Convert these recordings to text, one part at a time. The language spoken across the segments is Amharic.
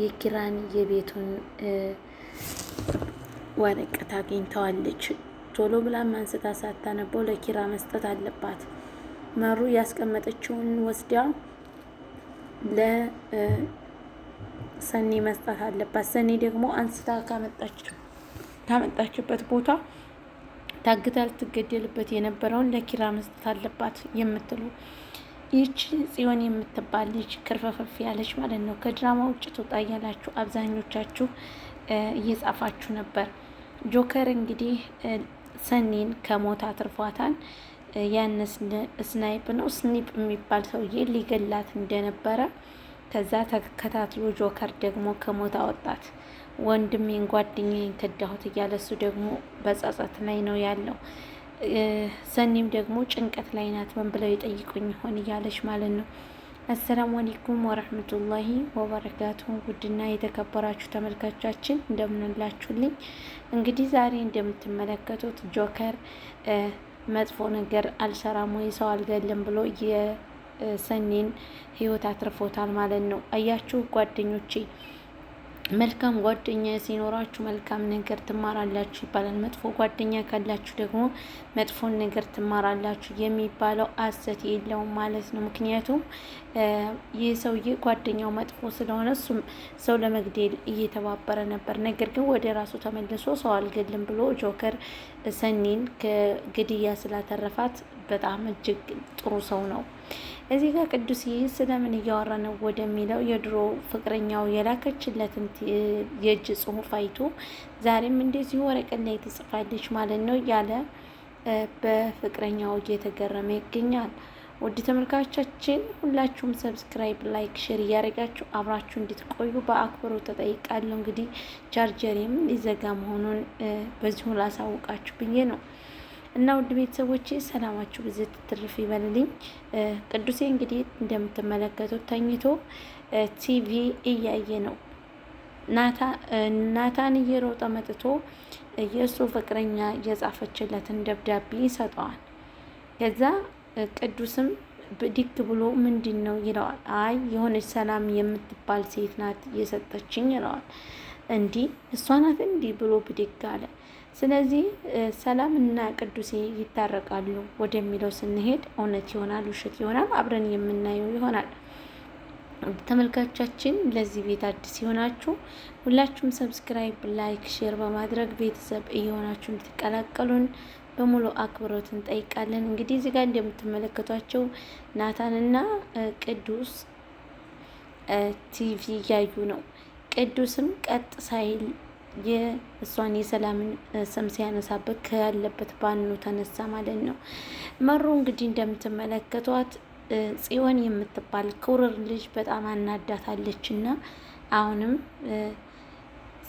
የኪራን የቤቱን ወረቀት አግኝተዋለች። ቶሎ ብላም አንስታ ሳታነበው ለኪራ መስጠት አለባት። መሩ ያስቀመጠችውን ወስዳ ለሰኔ መስጠት አለባት። ሰኔ ደግሞ አንስታ ካመጣችበት ቦታ ታግታ ልትገደልበት የነበረውን ለኪራ መስጠት አለባት የምትሉ ይቺ ጽዮን የምትባል ልጅ ክርፈፈፍ ያለች ማለት ነው። ከድራማ ውጭ ትውጣ እያላችሁ አብዛኞቻችሁ እየጻፋችሁ ነበር። ጆከር እንግዲህ ሰኒን ከሞት አትርፏታል። ያን ስናይፕ ነው ስኒፕ የሚባል ሰውዬ ሊገላት እንደነበረ ከዛ ተከታትሎ ጆከር ደግሞ ከሞት አወጣት። ወንድሜን ጓደኛዬን ከዳሁት እያለ እሱ ደግሞ በጸጸት ላይ ነው ያለው። ሰኒም ደግሞ ጭንቀት ላይ ናት። ምን ብለው የጠይቁኝ ይሆን እያለች ማለት ነው። አሰላሙ አለይኩም ወረህመቱላሂ ወበረካቱ። ውድና የተከበራችሁ ተመልካቻችን እንደምንላችሁልኝ፣ እንግዲህ ዛሬ እንደምትመለከቱት ጆከር መጥፎ ነገር አልሰራም ወይ ሰው አልገልም ብሎ የሰኒን ህይወት አትርፎታል ማለት ነው። አያችሁ ጓደኞቼ መልካም ጓደኛ ሲኖራችሁ መልካም ነገር ትማራላችሁ ይባላል። መጥፎ ጓደኛ ካላችሁ ደግሞ መጥፎን ነገር ትማራላችሁ የሚባለው አሰት የለውም ማለት ነው። ምክንያቱም ይህ ሰውዬ ጓደኛው መጥፎ ስለሆነ እሱም ሰው ለመግደል እየተባበረ ነበር። ነገር ግን ወደ ራሱ ተመልሶ ሰው አልገልም ብሎ ጆከር ሰኒን ከግድያ ስላተረፋት በጣም እጅግ ጥሩ ሰው ነው። እዚህ ጋር ይህ ስለምን እያወራ ነው ወደሚለው የድሮ ፍቅረኛው የላከችለትን የእጅ ጽሑፍ አይቶ ዛሬም እንደዚሁ ወረቀት ላይ ትጽፋለች ማለት ነው እያለ በፍቅረኛው እየተገረመ ይገኛል። ውድ ተመልካቾቻችን ሁላችሁም ሰብስክራይብ፣ ላይክ፣ ሼር እያደረጋችሁ አብራችሁ እንድትቆዩ በአክብሮ ተጠይቃለሁ። እንግዲህ ቻርጀሬም ሊዘጋ መሆኑን በዚሁ ላሳውቃችሁ ብዬ ነው እና ውድ ቤተሰቦቼ ሰላማችሁ ብዝህ ትትርፍ ይበልልኝ። ቅዱሴ እንግዲህ እንደምትመለከቱት ተኝቶ ቲቪ እያየ ነው። ናታን እየሮጠ መጥቶ የእሱ ፍቅረኛ የጻፈችለትን ደብዳቤ ይሰጠዋል። ከዛ ቅዱስም ብድግ ብሎ ምንድን ነው ይለዋል። አይ የሆነች ሰላም የምትባል ሴት ናት እየሰጠችኝ ይለዋል። እንዲህ እሷ ናት እንዲህ ብሎ ብድግ አለ። ስለዚህ ሰላም እና ቅዱሴ ይታረቃሉ ወደሚለው ስንሄድ እውነት ይሆናል ውሸት ይሆናል አብረን የምናየው ይሆናል። ተመልካቾቻችን ለዚህ ቤት አዲስ የሆናችሁ ሁላችሁም ሰብስክራይብ፣ ላይክ፣ ሼር በማድረግ ቤተሰብ እየሆናችሁ እንድትቀላቀሉን በሙሉ አክብሮት እንጠይቃለን። እንግዲህ እዚህ ጋር እንደምትመለከቷቸው ናታንና ቅዱስ ቲቪ እያዩ ነው። ቅዱስም ቀጥ ሳይል የእሷን የሰላምን ስም ሲያነሳበት ከያለበት ባኑ ተነሳ ማለት ነው። መሩ እንግዲህ እንደምትመለከቷት ጽዮን የምትባል ክውርር ልጅ በጣም አናዳታለች እና አሁንም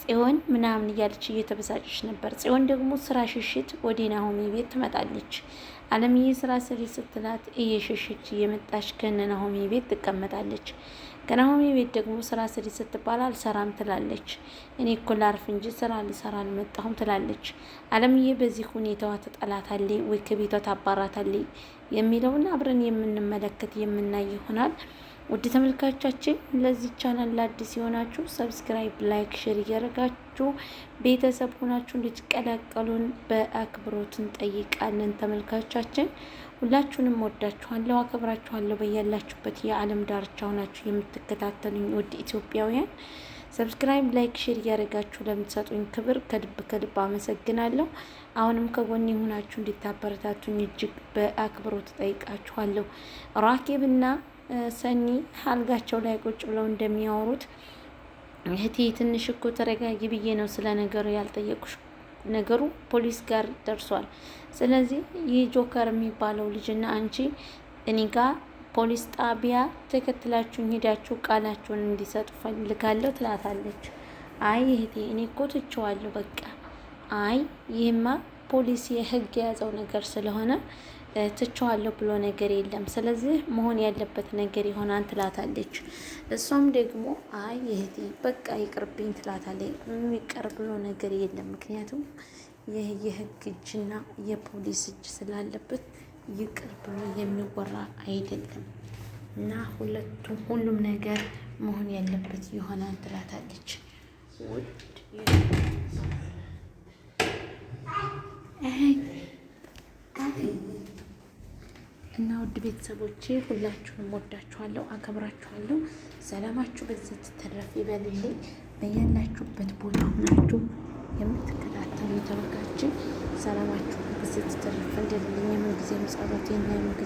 ጽዮን ምናምን እያለች እየተበሳጨች ነበር። ጽዮን ደግሞ ስራ ሽሽት ወደ ናሆሚ ቤት ትመጣለች። አለምዬ ስራ ስሪ ስትላት እየሸሸች እየመጣች ከነ ናሆሚ ቤት ትቀመጣለች። ከናሆሚ ቤት ደግሞ ስራ ስሪ ስትባል አልሰራም ትላለች። እኔ እኮ ላርፍ እንጂ ስራ ልሰራ አልመጣሁም ትላለች። አለምዬ በዚህ ሁኔታዋ ትጠላታለች ወይ ከቤቷ ታባራታለች የሚለውን አብረን የምንመለከት የምናይ ይሆናል። ውድ ተመልካቻችን ለዚህ ቻናል ለአዲስ የሆናችሁ ሰብስክራይብ፣ ላይክ፣ ሼር እያደረጋችሁ ቤተሰብ ሆናችሁ እንድትቀላቀሉን በአክብሮት እንጠይቃለን። ተመልካቻችን ሁላችሁንም ወዳችኋለሁ፣ አከብራችኋለሁ። በያላችሁበት የዓለም ዳርቻ ሆናችሁ የምትከታተሉኝ ውድ ኢትዮጵያውያን ሰብስክራይብ፣ ላይክ፣ ሼር እያደረጋችሁ ለምትሰጡኝ ክብር ከልብ ከልብ አመሰግናለሁ። አሁንም ከጎኒ ሆናችሁ እንድታበረታቱኝ እጅግ በአክብሮት ጠይቃችኋለሁ። ራኬብና ሰኒ አልጋቸው ላይ ቁጭ ብለው እንደሚያወሩት እህቴ ትንሽ እኮ ተረጋጊ ብዬ ነው ስለ ነገሩ ያልጠየቁሽ። ነገሩ ፖሊስ ጋር ደርሷል። ስለዚህ ይህ ጆከር የሚባለው ልጅና አንቺ እኔ ጋር ፖሊስ ጣቢያ ተከትላችሁ ሄዳችሁ ቃላችሁን እንዲሰጡ ፈልጋለሁ ትላታለች። አይ እህቴ እኔ እኮ ትችዋለሁ በቃ። አይ ይህማ ፖሊስ የህግ የያዘው ነገር ስለሆነ ትቸዋለሁ ብሎ ነገር የለም። ስለዚህ መሆን ያለበት ነገር ይሆናል ትላታለች። እሷም ደግሞ አይ ይህቴ በቃ ይቅርብኝ ትላታለች። የሚቀር ብሎ ነገር የለም። ምክንያቱም ይህ የህግ እጅና የፖሊስ እጅ ስላለበት ይቅር ብሎ የሚወራ አይደለም እና ሁለቱም ሁሉም ነገር መሆን ያለበት ይሆናል ትላታለች። ውድ እና ውድ ቤተሰቦቼ ሁላችሁንም ወዳችኋለሁ፣ አከብራችኋለሁ። ሰላማችሁ በዚህ ተረፍ ይበልልኝ። በያላችሁበት ቦታ ሁናችሁ የምትከታተሉ ተመልካችን ሰላማችሁ በዚህ ተረፍ እንደልልኝ የምን ጊዜም ጸሎት እና የምን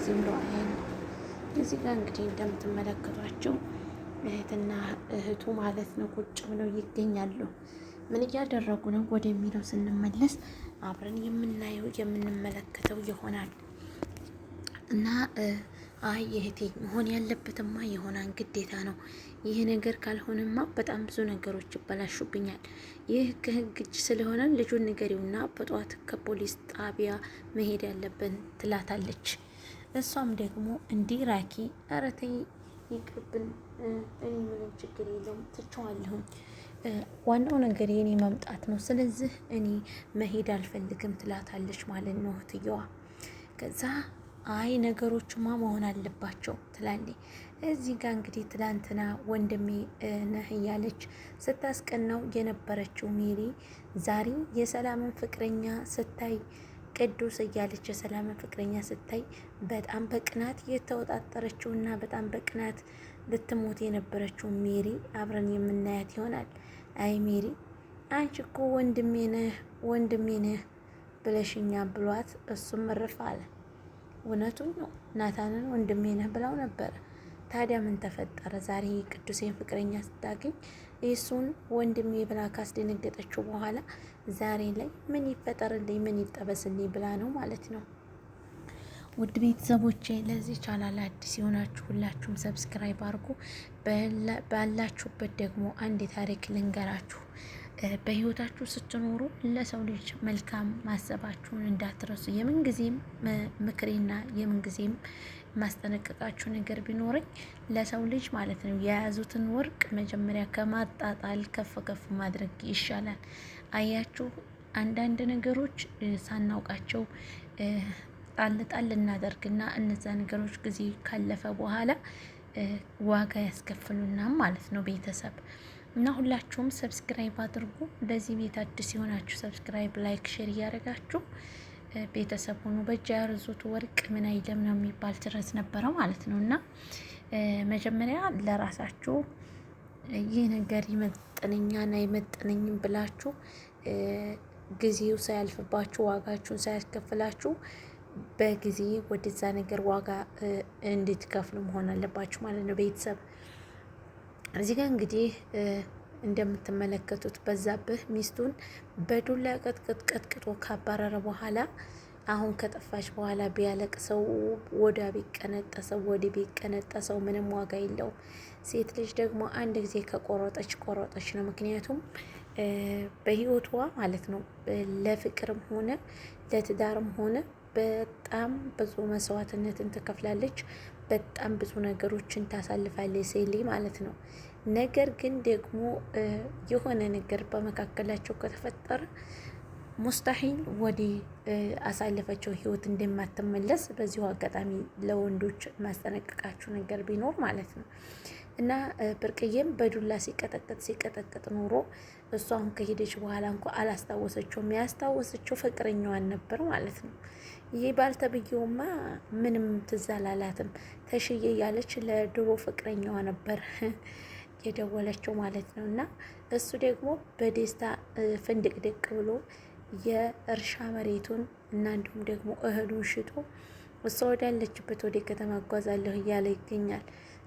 እዚህ ጋር እንግዲህ እንደምትመለከቷቸው እህትና እህቱ ማለት ነው ቁጭ ብለው ይገኛሉ። ምን እያደረጉ ነው ወደሚለው ስንመለስ አብረን የምናየው የምንመለከተው ይሆናል። እና አይ እህቴ መሆን ያለበትማ የሆናን ግዴታ ነው። ይህ ነገር ካልሆነማ በጣም ብዙ ነገሮች ይበላሹብኛል። ይህ ከህግ እጅ ስለሆነ ልጁን ንገሪውና በጠዋት ከፖሊስ ጣቢያ መሄድ ያለብን ትላታለች። እሷም ደግሞ እንዲህ ራኪ ኧረ ተይ ይቅርብን፣ እኔ ምንም ችግር የለውም ትቸዋለሁም። ዋናው ነገር የኔ መምጣት ነው። ስለዚህ እኔ መሄድ አልፈልግም ትላታለች ማለት ነው እህትየዋ ከዛ አይ ነገሮቹማ መሆን አለባቸው ትላለች። እዚህ ጋር እንግዲህ ትላንትና ወንድሜ ነህ እያለች ስታስቀናው የነበረችው ሜሪ ዛሬ የሰላምን ፍቅረኛ ስታይ ቅዱስ እያለች የሰላምን ፍቅረኛ ስታይ በጣም በቅናት የተወጣጠረችው እና በጣም በቅናት ልትሞት የነበረችው ሜሪ አብረን የምናያት ይሆናል። አይ ሜሪ አንቺ እኮ ወንድሜ ነህ ወንድሜ ነህ ብለሽኛ ብሏት እሱም እርፍ አለ። እውነቱን ነው ናታንን ወንድሜ ነህ ብለው ነበረ። ታዲያ ምን ተፈጠረ? ዛሬ ቅዱሴን ፍቅረኛ ስታገኝ እሱን ወንድሜ ብላ ካስደነገጠችው በኋላ ዛሬ ላይ ምን ይፈጠርልኝ ምን ይጠበስልኝ ብላ ነው ማለት ነው። ውድ ቤተሰቦቼ ለዚህ ቻናል አዲስ የሆናችሁ ሁላችሁም ሰብስክራይብ አድርጉ። ባላችሁበት ደግሞ አንድ ታሪክ ልንገራችሁ። በህይወታችሁ ስትኖሩ ለሰው ልጅ መልካም ማሰባችሁን እንዳትረሱ። የምንጊዜም ምክሬና የምንጊዜም ማስጠነቀቃችሁ ነገር ቢኖረኝ ለሰው ልጅ ማለት ነው የያዙትን ወርቅ መጀመሪያ ከማጣጣል ከፍ ከፍ ማድረግ ይሻላል። አያችሁ፣ አንዳንድ ነገሮች ሳናውቃቸው ጣል ጣል እናደርግና እነዛ ነገሮች ጊዜ ካለፈ በኋላ ዋጋ ያስከፍሉናም ማለት ነው ቤተሰብ እና ሁላችሁም ሰብስክራይብ አድርጉ። ለዚህ ቤት አዲስ የሆናችሁ ሰብስክራይብ፣ ላይክ፣ ሼር እያደረጋችሁ ቤተሰብ ሆኑ። በእጅ ያርዙት ወርቅ ምን አይለም ነው የሚባል ትረት ነበረው ማለት ነው እና መጀመሪያ ለራሳችሁ ይህ ነገር ይመጥነኛን አይመጥነኝም ብላችሁ ጊዜው ሳያልፍባችሁ ዋጋችሁን ሳያስከፍላችሁ በጊዜ ወደዛ ነገር ዋጋ እንድትከፍሉ መሆን አለባችሁ ማለት ነው ቤተሰብ እዚህ ጋር እንግዲህ እንደምትመለከቱት በዛብህ ሚስቱን በዱላ ቀጥቅጥ ቀጥቅጦ ካባረረ በኋላ አሁን ከጠፋች በኋላ ቢያለቅሰው ወዳ ቢቀነጠሰው ወዲ ቢቀነጠሰው ምንም ዋጋ የለው። ሴት ልጅ ደግሞ አንድ ጊዜ ከቆረጠች ቆረጠች ነው። ምክንያቱም በህይወቷ ማለት ነው ለፍቅርም ሆነ ለትዳርም ሆነ በጣም ብዙ መስዋዕትነትን ትከፍላለች። በጣም ብዙ ነገሮችን ታሳልፋለች ሴሌ ማለት ነው። ነገር ግን ደግሞ የሆነ ነገር በመካከላቸው ከተፈጠረ ሙስታሂል ወደ አሳለፈችው ህይወት እንደማትመለስ በዚሁ አጋጣሚ ለወንዶች ማስጠነቀቃችሁ ነገር ቢኖር ማለት ነው። እና ብርቅዬም በዱላ ሲቀጠቀጥ ሲቀጠቀጥ ኖሮ እሷ አሁን ከሄደች በኋላ እንኳ አላስታወሰችውም። ያስታወሰችው ፍቅረኛዋን ነበር ማለት ነው። ይህ ባልተብዬውማ ምንም ትዝ አላላትም። ተሽዬ እያለች ለድሮ ፍቅረኛዋ ነበር የደወለችው ማለት ነው። እና እሱ ደግሞ በደስታ ፍንድቅድቅ ብሎ የእርሻ መሬቱን እና እንዲሁም ደግሞ እህሉን ሽጦ እሷ ወዳለችበት ወደ ከተማ አጓዛለሁ እያለ ይገኛል።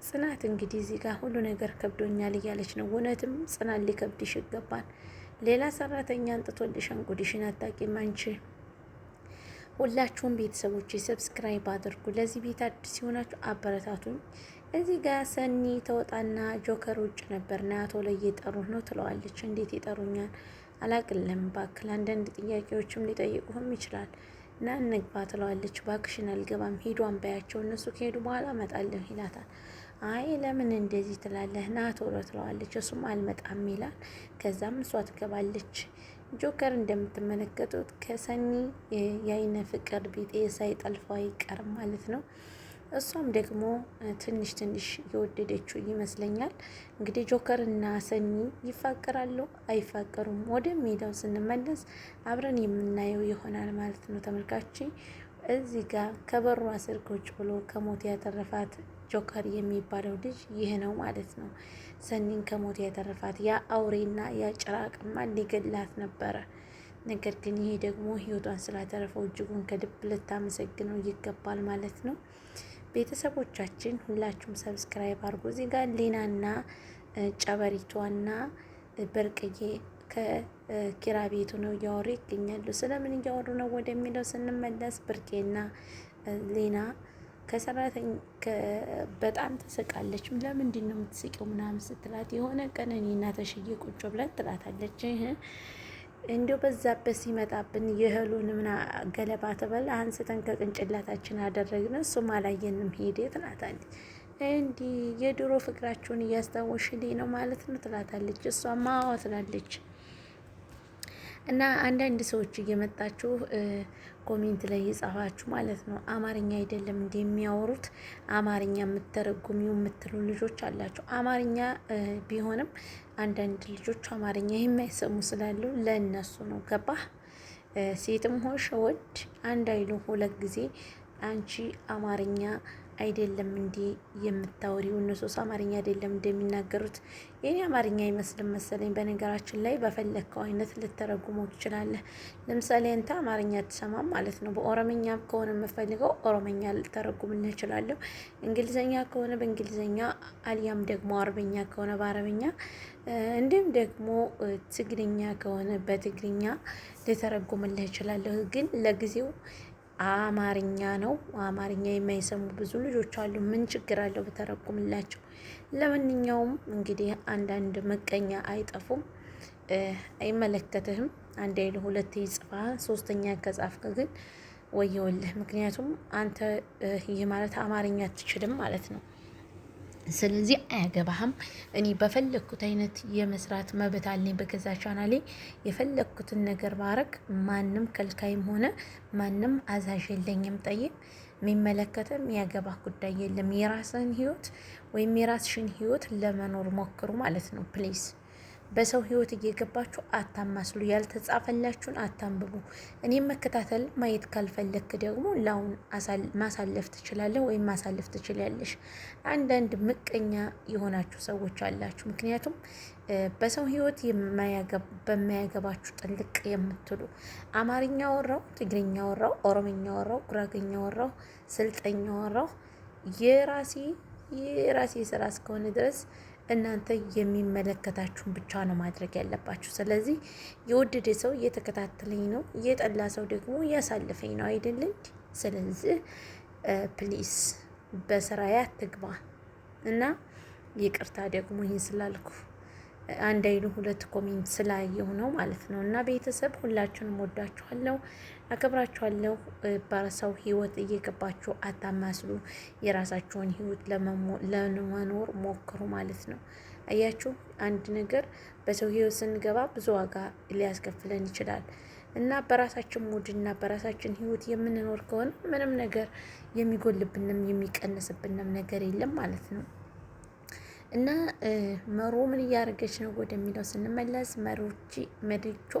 ጽናት እንግዲህ እዚህ ጋር ሁሉ ነገር ከብዶኛል እያለች ነው። እውነትም ጽናት ሊከብድሽ ይገባል። ሌላ ሰራተኛ አንጥቶልሽ አንቁድሽን አታቂም አንቺ። ሁላችሁም ቤተሰቦች ሰብስክራይብ አድርጉ። ለዚህ ቤት አዲስ ሲሆናችሁ አበረታቱኝ። እዚህ ጋር ሰኒ ተወጣና ጆከር ውጭ ነበር ና አቶ ላይ እየጠሩህ ነው ትለዋለች። እንዴት ይጠሩኛል አላቅለም። ባክል አንዳንድ ጥያቄዎችም ሊጠይቁህም ይችላል ና እንግባ ትለዋለች። ባክሽን አልገባም፣ ሂዷን በያቸው እነሱ ከሄዱ በኋላ እመጣለሁ ይላታል። አይ ለምን እንደዚህ ትላለህ? ና ቶሎ ትለዋለች። እሱም አልመጣም ይላል። ከዛም እሷ ትገባለች። ጆከር እንደምትመለከቱት ከሰኒ የአይነ ፍቅር ቢጤ ሳይጠልፈው አይቀርም ማለት ነው። እሷም ደግሞ ትንሽ ትንሽ የወደደችው ይመስለኛል። እንግዲህ ጆከርና ሰኒ ይፋቀራሉ አይፋቀሩም ወደ ሜዳው ስንመለስ አብረን የምናየው ይሆናል ማለት ነው ተመልካች። እዚህ ጋር ከበሯ ስር ቁጭ ብሎ ከሞት ያተረፋት ጆከር የሚባለው ልጅ ይህ ነው ማለት ነው። ሰኒን ከሞት ያተረፋት ያ አውሬና ያ ጭራቅማ ሊገላት ነበረ። ነገር ግን ይሄ ደግሞ ህይወቷን ስላተረፈው እጅጉን ከልብ ልታመሰግነው ይገባል ማለት ነው። ቤተሰቦቻችን ሁላችሁም ሰብስክራይብ አድርጉ። እዚህ ጋር ሌናና ጨበሪቷና በርቅዬ ከኪራ ቤቱ ነው እያወሩ ይገኛሉ። ስለምን እያወሩ ነው ወደሚለው ስንመለስ ብርቄና ሌና ከሰራተኛ በጣም ትስቃለች። ለምንድን ነው የምትስቂው ምናምን ስትላት የሆነ ቀን እኔ እና ተሽዬ ቁጭ ብለን ትላታለች። እንዲሁ በዛበት ሲመጣብን የእህሉን ምና ገለባ ተበል አንስተን ከቅንጭላታችን አደረግን። እሱም አላየንም ሄደ ትላታለች። እንዲህ የድሮ ፍቅራችሁን እያስታወሽልኝ ነው ማለት ነው ትላታለች። እሷ ማዋ ትላለች። እና አንዳንድ ሰዎች እየመጣችሁ ኮሜንት ላይ የጻፋችሁ ማለት ነው አማርኛ አይደለም እንዲ የሚያወሩት አማርኛ የምትተረጉሚው የምትሉ ልጆች አላቸው። አማርኛ ቢሆንም አንዳንድ ልጆች አማርኛ የማይሰሙ ስላሉ ለእነሱ ነው ገባህ። ሴትም ሆሽ ወድ አንድ አይሉ ሁለት ጊዜ አንቺ አማርኛ አይደለም እንዴ የምታወሪው? እነሱስ አማርኛ አይደለም እንደሚናገሩት? የኔ አማርኛ አይመስልም መሰለኝ። በነገራችን ላይ በፈለግከው አይነት ልተረጉመው ትችላለህ። ለምሳሌ አንተ አማርኛ ትሰማም ማለት ነው። በኦሮምኛ ከሆነ የምፈልገው ኦሮምኛ ልተረጉምልህ እችላለሁ። እንግሊዝኛ ከሆነ በእንግሊዝኛ አሊያም ደግሞ አረብኛ ከሆነ በአረብኛ እንዲሁም ደግሞ ትግርኛ ከሆነ በትግርኛ ልተረጉምልህ እችላለሁ። ግን ለጊዜው አማርኛ ነው። አማርኛ የማይሰሙ ብዙ ልጆች አሉ። ምን ችግር አለው በተረጉምላቸው? ለማንኛውም እንግዲህ አንዳንድ መቀኛ አይጠፉም። አይመለከትህም። አንድ አይል ሁለት ይጽፋል። ሶስተኛ ከጻፍክ ግን ወየውልህ። ምክንያቱም አንተ ይህ ማለት አማርኛ አትችልም ማለት ነው። ስለዚህ አያገባህም። እኔ በፈለግኩት አይነት የመስራት መብት አለኝ። በገዛ ቻናሌ የፈለግኩትን ነገር ማድረግ ማንም ከልካይም ሆነ ማንም አዛዥ የለኝም። ጠይቅ የሚመለከተም ያገባህ ጉዳይ የለም። የራስን ህይወት ወይም የራስሽን ህይወት ለመኖር ሞክሩ ማለት ነው ፕሊዝ በሰው ህይወት እየገባችሁ አታማስሉ። ያልተጻፈላችሁን አታንብቡ። እኔም መከታተል ማየት ካልፈለክ ደግሞ ላውን ማሳለፍ ትችላለህ ወይም ማሳለፍ ትችላለሽ። አንዳንድ ምቀኛ የሆናችሁ ሰዎች አላችሁ። ምክንያቱም በሰው ህይወት በማያገባችሁ ጥልቅ የምትሉ አማርኛ ወራው፣ ትግርኛ ወራው፣ ኦሮምኛ ወራው፣ ጉራገኛ ወራው፣ ስልጠኛ ወራው የራሴ የራሴ ስራ እስከሆነ ድረስ እናንተ የሚመለከታችሁን ብቻ ነው ማድረግ ያለባችሁ። ስለዚህ የወደደ ሰው እየተከታተለኝ ነው፣ እየጠላ ሰው ደግሞ እያሳለፈኝ ነው አይደለን? ስለዚህ ፕሊስ በስራዬ አትግባ እና ይቅርታ ደግሞ ይህን ስላልኩ አንድ አይሉ ሁለት ኮሜንት ስላየሁ ነው ማለት ነው። እና ቤተሰብ ሁላችሁንም ወዳችኋለሁ፣ አከብራችኋለሁ። በሰው ህይወት እየገባችሁ አታማስሉ። የራሳችሁን ህይወት ለመኖር ሞክሩ ማለት ነው። አያችሁ፣ አንድ ነገር በሰው ህይወት ስንገባ ብዙ ዋጋ ሊያስከፍለን ይችላል እና በራሳችን ሙድና በራሳችን ህይወት የምንኖር ከሆነ ምንም ነገር የሚጎልብንም የሚቀንስብንም ነገር የለም ማለት ነው። እና መሮ ምን እያደረገች ነው ወደሚለው ስንመለስ መሮች መድቾ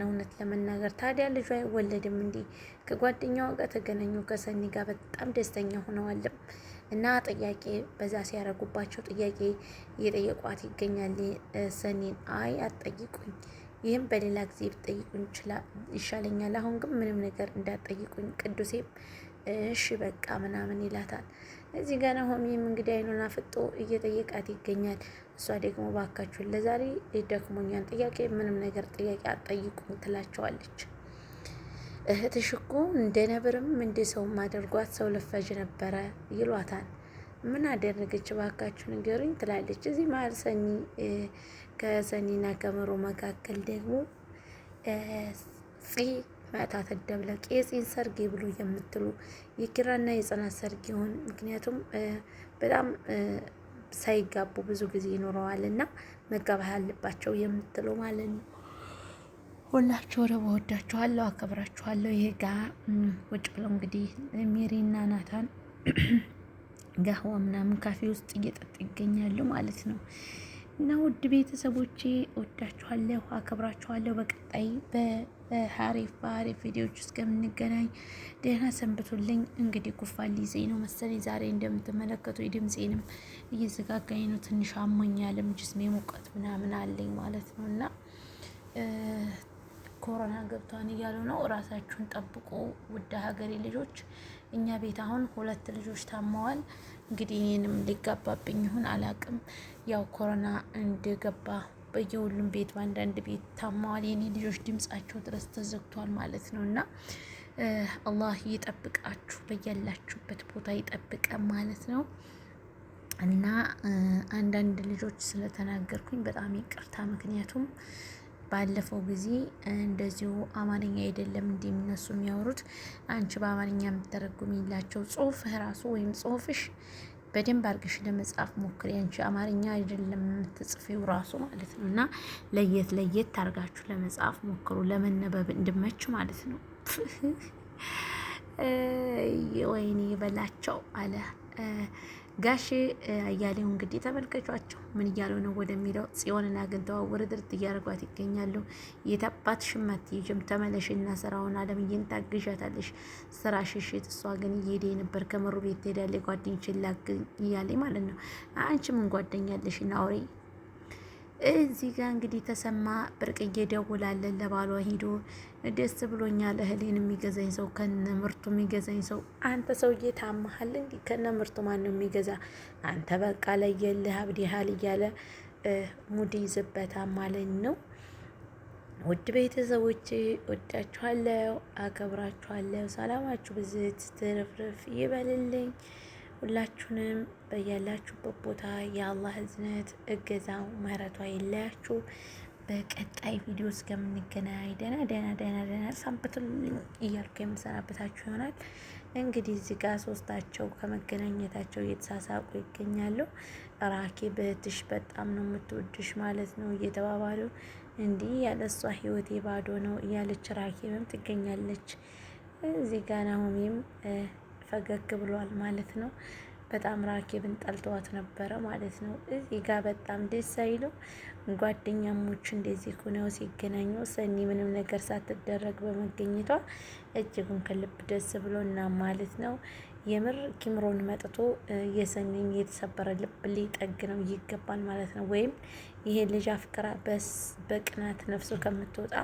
ነው እውነት ለመናገር ታዲያ ልጇ አይወለድም እንዲህ ከጓደኛዋ ጋር ተገናኙ ከሰኒ ጋር በጣም ደስተኛ ሆነዋለም እና ጥያቄ በዛ ሲያደርጉባቸው ጥያቄ እየጠየቋት ይገኛል ሰኒን አይ አትጠይቁኝ ይህም በሌላ ጊዜ ብትጠይቁኝ ይሻለኛል አሁን ግን ምንም ነገር እንዳትጠይቁኝ ቅዱሴም እሺ በቃ ምናምን ይላታል እዚህ ጋር ናሆሚም እንግዲህ አይኑን አፍጦ እየጠየቃት ይገኛል። እሷ ደግሞ ባካችሁን ለዛሬ ደክሞኛል፣ ጥያቄ ምንም ነገር ጥያቄ አጠይቁኝ ትላቸዋለች። እህትሽ እኮ እንደ ነብርም እንደ ሰውም አድርጓት ሰው ልፈጅ ነበረ ይሏታል። ምን አደረገች ባካችሁ ንገሩኝ ትላለች። እዚህ መሀል ሰኒ ከሰኒና ከምሮ መካከል ደግሞ ጽ ፈእታት ደብለቅ የፂን ሰርግ ብሎ የምትሉ የኪራና የጽናት ሰርግ ይሁን። ምክንያቱም በጣም ሳይጋቡ ብዙ ጊዜ ይኖረዋል ይኖረዋልና መጋባት ያለባቸው የምትሉ ማለት ነው። ሁላችሁ ወደ ወዳችኋለሁ፣ አከብራችኋለሁ። ይሄ ጋ ውጭ ብለው እንግዲህ ሜሪና ናታን ጋህዋ ምናምን ካፌ ውስጥ እየጠጡ ይገኛሉ ማለት ነው። እና ውድ ቤተሰቦቼ ወዳችኋለሁ፣ አከብራችኋለሁ። በቀጣይ በሀሪፍ በሀሪፍ ቪዲዮዎች ውስጥ ከምንገናኝ ደህና ሰንብቱልኝ። እንግዲህ ጉንፋን ሊይዘኝ ነው መሰለኝ ዛሬ እንደምትመለከቱ የድምፄንም እየዘጋጋኝ ነው። ትንሽ አሞኛልም፣ ጅስሜ ሙቀት ምናምን አለኝ ማለት ነው እና ኮሮና ገብቷን እያሉ ነው። እራሳችሁን ጠብቁ ውድ ሀገሬ ልጆች። እኛ ቤት አሁን ሁለት ልጆች ታመዋል። እንግዲህ እኔንም ሊጋባብኝ ይሁን አላቅም። ያው ኮሮና እንደገባ በየሁሉም ቤት በአንዳንድ ቤት ታመዋል። የኔ ልጆች ድምጻቸው ድረስ ተዘግቷል ማለት ነው እና አላህ ይጠብቃችሁ፣ በያላችሁበት ቦታ ይጠብቀን ማለት ነው እና አንዳንድ ልጆች ስለተናገርኩኝ በጣም ይቅርታ ምክንያቱም ባለፈው ጊዜ እንደዚሁ አማርኛ አይደለም እንደሚነሱ የሚያወሩት አንቺ በአማርኛ የምተረጉሚላቸው ጽሁፍ ራሱ ወይም ጽሁፍሽ በደንብ አርገሽ ለመጻፍ ሞክሪ። አንቺ አማርኛ አይደለም የምትጽፊው ራሱ ማለት ነው። እና ለየት ለየት አርጋችሁ ለመጻፍ ሞክሩ፣ ለመነበብ እንድመች ማለት ነው። ወይኔ በላቸው አለ ጋሼ አያሌው እንግዲህ ተመልከቷቸው ምን እያለው ነው ወደሚለው ጽዮንን አግኝተው ውርድርት እያደረጓት ይገኛሉ። የታባት ሽመት ይጅም ተመለሽና ስራውን አለም ታግዣታለሽ ስራ ሽሽት። እሷ ግን እየሄደ ነበር ከመሩ ቤት ትሄዳለች ጓደኝችን ላግኝ እያለኝ ማለት ነው። አንቺ ምን ጓደኛለሽ እና አውሪ እዚህ ጋር እንግዲህ ተሰማ ብርቅዬ ደውላለን ለባሏ ሂዶ ደስ ብሎኛል፣ እህሌን የሚገዛኝ ሰው ከነ ምርቱ የሚገዛኝ ሰው። አንተ ሰውዬ ታመሃል እንዲ ከነ ምርቱ ማን ነው የሚገዛ? አንተ በቃ ለየልህ አብዲሃል እያለ ሙድ ይዝበታ ማለኝ ነው። ውድ ቤተሰቦች ወዳችኋለሁ፣ አከብራችኋለሁ። ሰላማችሁ ብዝት ትርፍርፍ ይበልልኝ ሁላችሁንም በያላችሁበት ቦታ የአላህ እዝነት እገዛው ምህረቷ የለያችሁ። በቀጣይ ቪዲዮ እስከምንገናኝ ደህና ደህና ደህና ደህና ሰንብቱልኝ እያልኩ የምሰናበታችሁ ይሆናል። እንግዲህ እዚህ ጋር ሶስታቸው ከመገናኘታቸው እየተሳሳቁ ይገኛሉ። ራኬብ እህትሽ በጣም ነው የምትወድሽ ማለት ነው እየተባባሉ እንዲህ ያለ እሷ ህይወቴ ባዶ ነው እያለች ራኬብም ትገኛለች። እዚህ ጋር ናሆሚም ፈገግ ብሏል ማለት ነው። በጣም ራኬብን ጠልተዋት ነበረ ማለት ነው። እዚህ ጋር በጣም ደስ አይለው ጓደኛሞች እንደዚህ ሆነው ሲገናኙ ሰኒ ምንም ነገር ሳትደረግ በመገኘቷ እጅጉን ከልብ ደስ ብሎና ማለት ነው። የምር ኪምሮን መጥቶ የሰኒን የተሰበረ ልብ ነው ይገባል ማለት ነው። ወይም ይሄ ልጅ አፍቅራ በቅናት ነፍሶ ከምትወጣ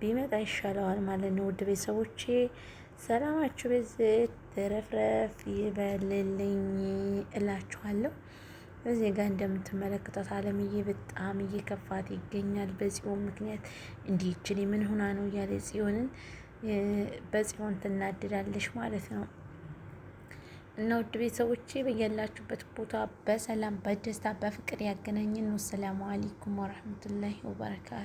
ቢመጣ ይሻለዋል ማለት ነው። ውድ ቤተሰቦቼ ሰላማችሁ ብዝት ትረፍረፍ ይበልልኝ እላችኋለሁ። በዚህ ጋር እንደምትመለከቷት አለምዬ በጣም እየከፋት ይገኛል። በጽዮን ምክንያት እንዲችል ምን ሆና ነው እያለ ጽዮንን በጽዮን ትናድዳለች ማለት ነው። እና ውድ ቤተሰቦቼ በያላችሁበት ቦታ በሰላም በደስታ በፍቅር ያገናኘን። ወሰላሙ አለይኩም ወረህመቱላሂ ወበረካቱ